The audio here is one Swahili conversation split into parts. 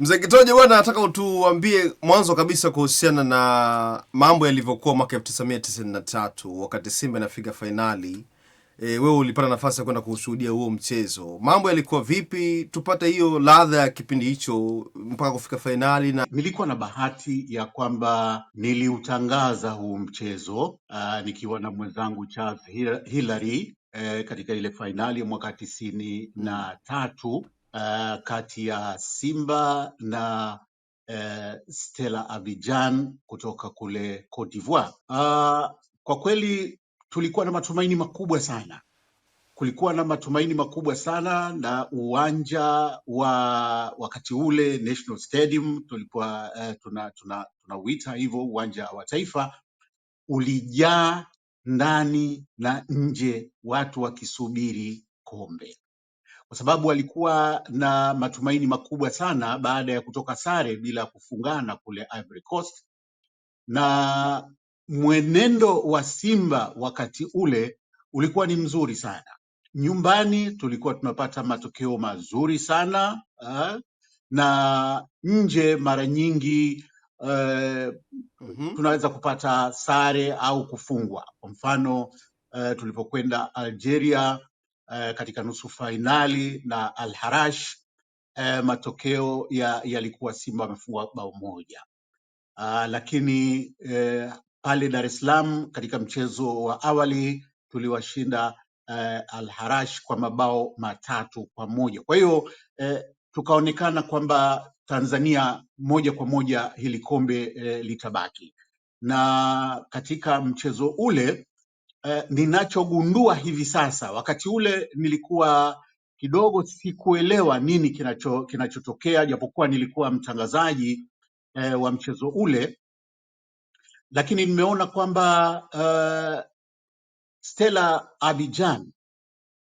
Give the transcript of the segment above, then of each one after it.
Mzee Kitojo bwana, nataka utuambie mwanzo kabisa kuhusiana na mambo yalivyokuwa mwaka 1993 wakati Simba inafika fainali. E, wewe ulipata nafasi ya kwenda kushuhudia huo mchezo, mambo yalikuwa vipi? Tupate hiyo ladha ya kipindi hicho mpaka kufika fainali. Na nilikuwa na bahati ya kwamba niliutangaza huu mchezo uh, nikiwa na mwenzangu Charles Hillary E, katika ile fainali ya mwaka tisini na tatu uh, kati ya Simba na uh, Stella Abidjan kutoka kule Cote d'Ivoire. Uh, kwa kweli tulikuwa na matumaini makubwa sana, kulikuwa na matumaini makubwa sana na uwanja wa wakati ule National Stadium tulikuwa uh, tunauita tuna, tuna hivyo uwanja wa taifa ulijaa ndani na nje, watu wakisubiri kombe kwa sababu alikuwa na matumaini makubwa sana baada ya kutoka sare bila kufungana kule Ivory Coast, na mwenendo wa Simba wakati ule ulikuwa ni mzuri sana. Nyumbani tulikuwa tunapata matokeo mazuri sana uh, na nje mara nyingi uh, mm-hmm. tunaweza kupata sare au kufungwa. Kwa mfano uh, tulipokwenda Algeria Eh, katika nusu fainali na Al Harash eh, matokeo ya, yalikuwa Simba wamefungwa bao moja. uh, lakini eh, pale Dar es Salaam katika mchezo wa awali tuliwashinda eh, Al Harash kwa mabao matatu kwa moja. Kwa hiyo eh, tukaonekana kwamba Tanzania moja kwa moja hili kombe eh, litabaki, na katika mchezo ule eh, ninachogundua hivi sasa. Wakati ule nilikuwa kidogo sikuelewa nini kinacho kinachotokea, japokuwa nilikuwa mtangazaji eh, wa mchezo ule, lakini nimeona kwamba uh, Stella Abidjan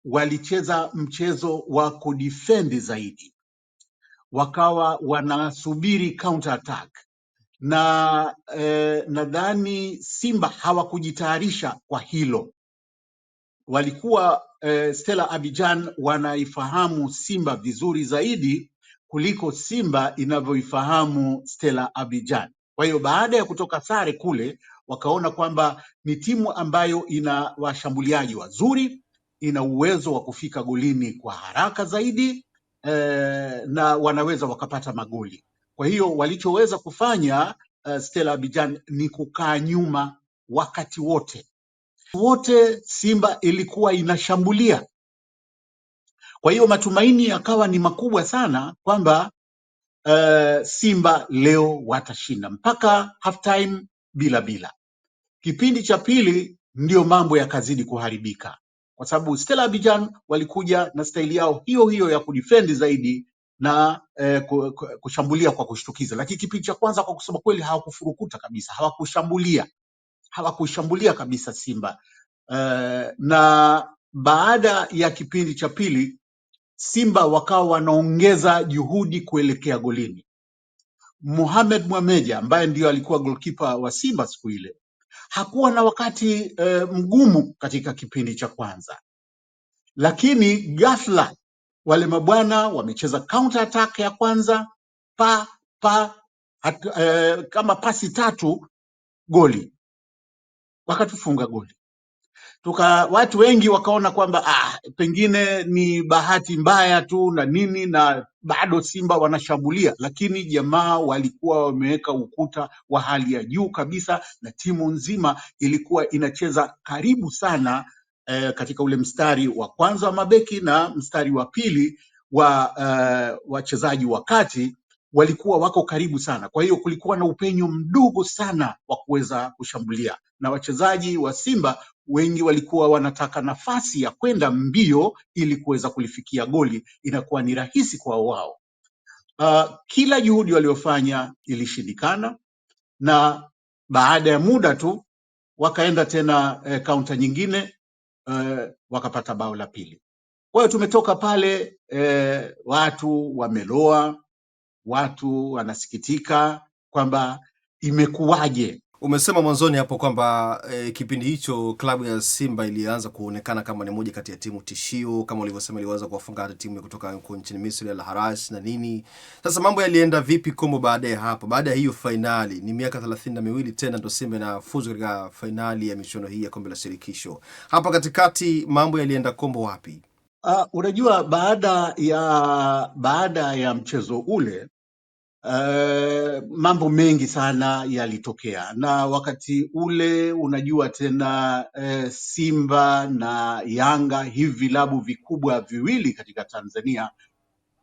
walicheza mchezo wa kudifendi zaidi, wakawa wanasubiri counter attack na eh, nadhani Simba hawakujitayarisha kwa hilo. Walikuwa eh, Stella Abidjan wanaifahamu Simba vizuri zaidi kuliko Simba inavyoifahamu Stella Abidjan. Kwa hiyo baada ya kutoka sare kule, wakaona kwamba ni timu ambayo ina washambuliaji wazuri, ina uwezo wa kufika golini kwa haraka zaidi eh, na wanaweza wakapata magoli kwa hiyo walichoweza kufanya uh, Stella Abidjan ni kukaa nyuma wakati wote wote, Simba ilikuwa inashambulia. Kwa hiyo matumaini yakawa ni makubwa sana kwamba uh, Simba leo watashinda mpaka time bila bila. Kipindi cha pili ndiyo mambo yakazidi kuharibika, kwa sababu Stella Abidjan walikuja na staili yao hiyo hiyo ya kudefend zaidi na eh, kushambulia kwa kushtukiza, lakini kipindi cha kwanza kwa kusema kweli hawakufurukuta kabisa, hawakushambulia hawakushambulia kabisa Simba. eh, na baada ya kipindi cha pili Simba wakawa wanaongeza juhudi kuelekea golini. Mohamed Mwameja ambaye ndiyo alikuwa golkipa wa Simba siku ile hakuwa na wakati e, mgumu katika kipindi cha kwanza, lakini ghafla wale mabwana wamecheza counter attack ya kwanza pa pa hatu, eh, kama pasi tatu goli, wakatufunga goli tuka watu wengi wakaona kwamba ah, pengine ni bahati mbaya tu na nini, na bado Simba wanashambulia, lakini jamaa walikuwa wameweka ukuta wa hali ya juu kabisa, na timu nzima ilikuwa inacheza karibu sana eh, katika ule mstari wa kwanza wa mabeki na mstari wa pili wa eh, wachezaji wa kati walikuwa wako karibu sana, kwa hiyo kulikuwa na upenyo mdogo sana wa kuweza kushambulia, na wachezaji wa Simba wengi walikuwa wanataka nafasi ya kwenda mbio ili kuweza kulifikia goli, inakuwa ni rahisi kwa wao. Uh, kila juhudi waliofanya ilishindikana, na baada ya muda tu wakaenda tena eh, kaunta nyingine eh, wakapata bao la pili. Kwa hiyo tumetoka pale eh, watu wameloa, watu wanasikitika kwamba imekuwaje Umesema mwanzoni hapo kwamba e, kipindi hicho klabu ya Simba ilianza kuonekana kama ni moja kati ya timu tishio, kama ulivyosema, iliweza kuwafunga hata timu kutoka huko nchini Misri Al Haras na nini. Sasa mambo yalienda vipi Kombo baada ya hapo? Baada ya hiyo fainali, ni miaka thelathini na miwili tena ndo Simba inafuzu katika fainali ya michuano hii ya kombe la shirikisho. Hapa katikati mambo yalienda Kombo wapi? Uh, unajua baada ya baada ya mchezo ule Eh, mambo mengi sana yalitokea na wakati ule unajua tena uh, Simba na Yanga hivi vilabu vikubwa viwili katika Tanzania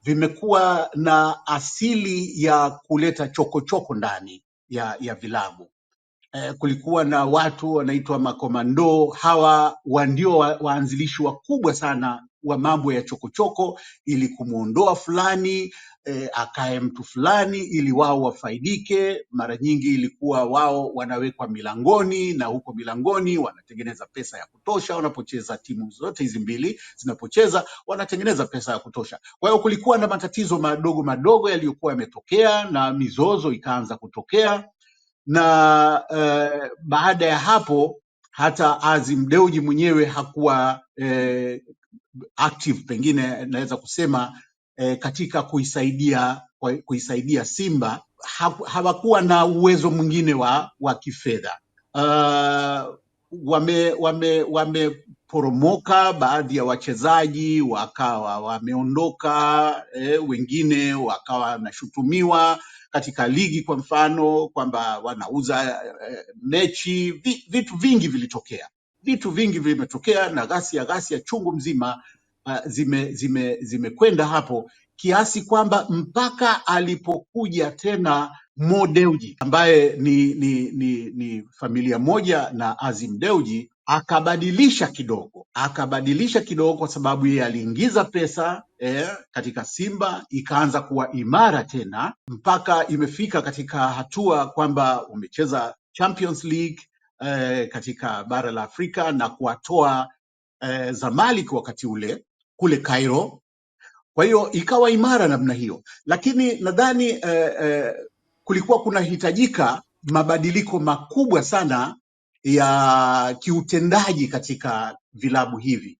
vimekuwa na asili ya kuleta chokochoko choko ndani ya, ya vilabu. Eh, kulikuwa na watu wanaitwa makomando. Hawa wa- ndio wa- waanzilishi wakubwa sana wa mambo ya chokochoko ili kumwondoa fulani eh, akae mtu fulani ili wao wafaidike. Mara nyingi ilikuwa wao wanawekwa milangoni na huko milangoni wanatengeneza pesa ya kutosha. Wanapocheza timu zote hizi mbili zinapocheza, wanatengeneza pesa ya kutosha. Kwa hiyo kulikuwa na matatizo madogo madogo yaliyokuwa yametokea na mizozo ikaanza kutokea na eh, baada ya hapo hata Azim Deuji mwenyewe hakuwa eh, active, pengine naweza kusema eh, katika kuisaidia kuisaidia Simba ha, hawakuwa na uwezo mwingine wa wa kifedha. Uh, wame wame wameporomoka, baadhi ya wachezaji wakawa wameondoka, eh, wengine wakawa wanashutumiwa katika ligi, kwa mfano kwamba wanauza eh, mechi. Vi, vitu vingi vilitokea, vitu vingi vimetokea na ghasia ghasia chungu mzima uh, ah, zimekwenda zime, zimekwenda hapo kiasi kwamba mpaka alipokuja tena Mo Dewji ambaye ni, ni, ni, ni familia moja na Azim Dewji akabadilisha kidogo, akabadilisha kidogo kwa sababu yeye aliingiza pesa eh, katika Simba ikaanza kuwa imara tena mpaka imefika katika hatua kwamba wamecheza Champions League eh, katika bara la Afrika na kuwatoa eh, Zamalek wakati ule kule Cairo. Kwa hiyo ikawa imara namna hiyo, lakini nadhani uh, uh, kulikuwa kunahitajika mabadiliko makubwa sana ya kiutendaji katika vilabu hivi